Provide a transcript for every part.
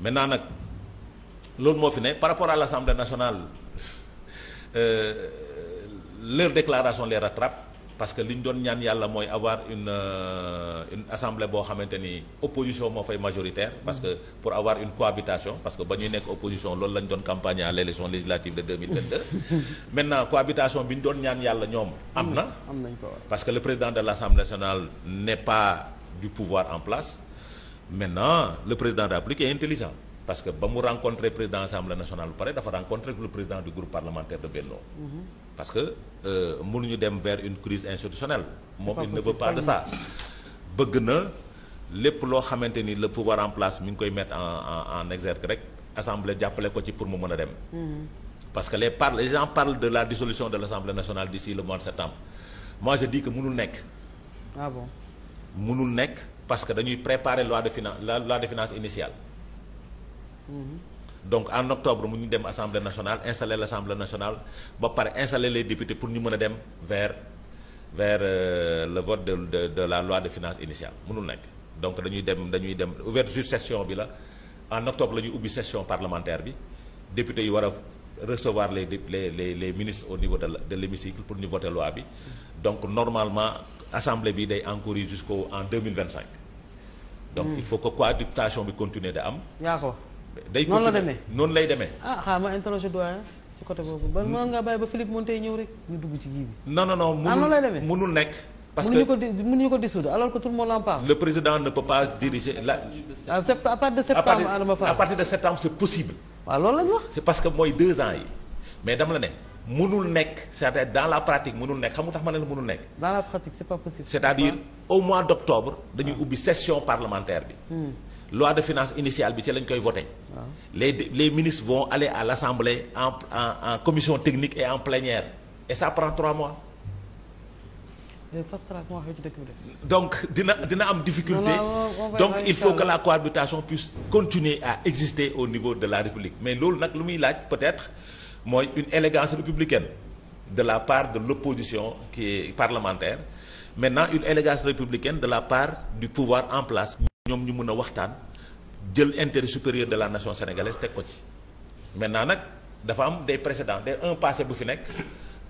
maintenant nag loolu moo fi ne par rapport à l'Assemblée nationale euh, leur déclaration a rattrape parce que li ñu doon ñaan yàlla mooy avoir une euh, une assemblée boo xamante ni opposition moo fay majoritaire. parce que pour avoir une cohabitation parce que ba ñuy nekk opposition loolu la ñu doon campagne à l'élection législative de 2022. maintenant cohabitation bi ñu doon ñaan yàlla ñoom. am na am parce que le président de l'Assemblée nationale n'est pas du pouvoir en place. maintenant le président de République est intelligent parce que ba mu rencontrer président assemblée nationale bu pare dafa rencontrer le président du groupe parlementaire de Benno mm-hmm. parce que euh, mënuñu dem vers une crise institutionnelle moom il ne veut pas de ça bëgg na lépp loo xamante ni le pouvoir en place mu ngi koy mettre en en exergue rek assemblée jàppale ko ci pour mu mën a dem mm-hmm. parce que les par les gens parlent de la dissolution de l'assemblée nationale d'ici le mois de septembre moi je dis que nekk ah mënul nekk parce que dañuy préparer loi de finance la loi de mm-hmm. donc en octobre mu ñu dem assemblée nationale installer l' assemblée nationale ba pare installer les députés pour ñu mën a dem vers vers euh, le vote de de de la loi de finance initiale mënul nekk. donc dañuy dem dañuy dem ouverture session bi la en octobre la ñuy ubbi session parlementaire bi député yi war a recevoir les les les les ministres au niveau de de l' hémicycle pour ñu voter loi bi mm-hmm. donc assemblée bi day encourir jusqu'au en deux mille vingt cinq. donc hmm. il faut que cohabitation bi continuer da am. yaa ko day noonu la demee noonu lay demee. ah xaaral ma interroger doyen ci côté boobu. ba hmm. mën nga bàyyi ba Philippe Montey ñëw rek ñu dugg ci kii bi. non non non ah, mënul mënul nekk. parce que mënuñu ko di mënuñu ko dissoudre alors que tout le monde en parle. le président ne peut pas la. Ah, à partir de septembre Adama dama la mënul nekk c'est-à-dire dans la pratique mënul nekk xam nga tax ma ne la mënul nekk. dans c'est à dire au mois d'octobre dañuy ah. ubbi session parlementaire bi. Hmm. loi de finances initiale bi ci lañ koy voté. Ah. les les ministres vont aller à l'assemblée en en en commission technique et en plénière et ça prend trois mois. donc dina dina am difficulté donc il faut que la cohabitation puisse continuer à exister au niveau de la République mais loolu nag lu muy laaj peut-être. mooy une élégance républicaine de la part de l'opposition ki est parlementaire maintenant une élégance républicaine de la part du pouvoir en place ñoom ñu mën a waxtaan jël intérêt supérieur de la nation sénégalaise teg ko ci maintenant nag dafa am des précédents des un passé bu fi nekk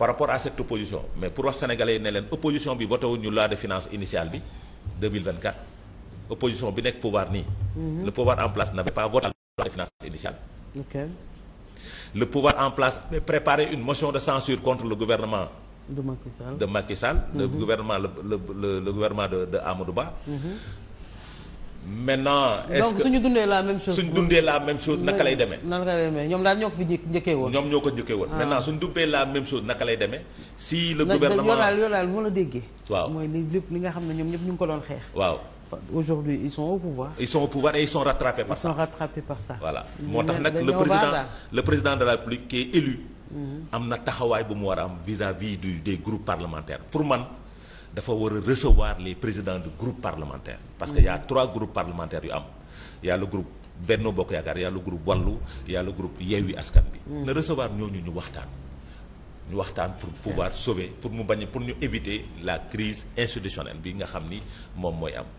par rapport à cette opposition mais pour wax sénégalais yi ne leen opposition bi voté wuñu loi de finances initiale bi 2024 opposition bi nekk pouvoir nii mhm. le pouvoir en place n'avait pas voté la loi de finances initiale le pouvoir en place avait une motion de censure contre le gouvernement de Macky Sall, de Macky Sall mm -hmm. le mhm. gouvernement le, le, gouvernement de, de Amadou Ba mm -hmm. donc, que suñu dundee la même chose suñu dundee la même chose naka lay demee. naka lay demee ñoom daal ñoo ko fi njëkkee woon. ñoom ñoo ko njëkkee woon. Ah. maintenant suñu dundee la même chose naka lay demee. si le gouvernement nag yoo moo la déggee. waaw mooy li lépp li nga xam ne ñoom ñëpp ñu ngi ko doon xeex. waaw. aujourd'hui ils sont au pouvoir. ils sont au pouvoir et ils sont rattrapés par ils ça. ils moo tax nag le président le président de la République qui est élu. Mhm. am na taxawaay bu mu war a am vis-à-vis du des groupes parlementaires pour man dafa war a recevoir les présidents de groupes parlementaires. parce que y a mhm. trois groupes parlementaires yu am yàlla a le groupe Benno Bokk Yaakaar y a le groupe Wallu y a groupe Yewwi Askan bi mhm. na recevoir ñooñu ñu waxtaan. ñu waxtaan pour pouvoir sauver pour mu bañ pour ñu éviter la crise institutionnelle bi nga xam ni moom mooy am.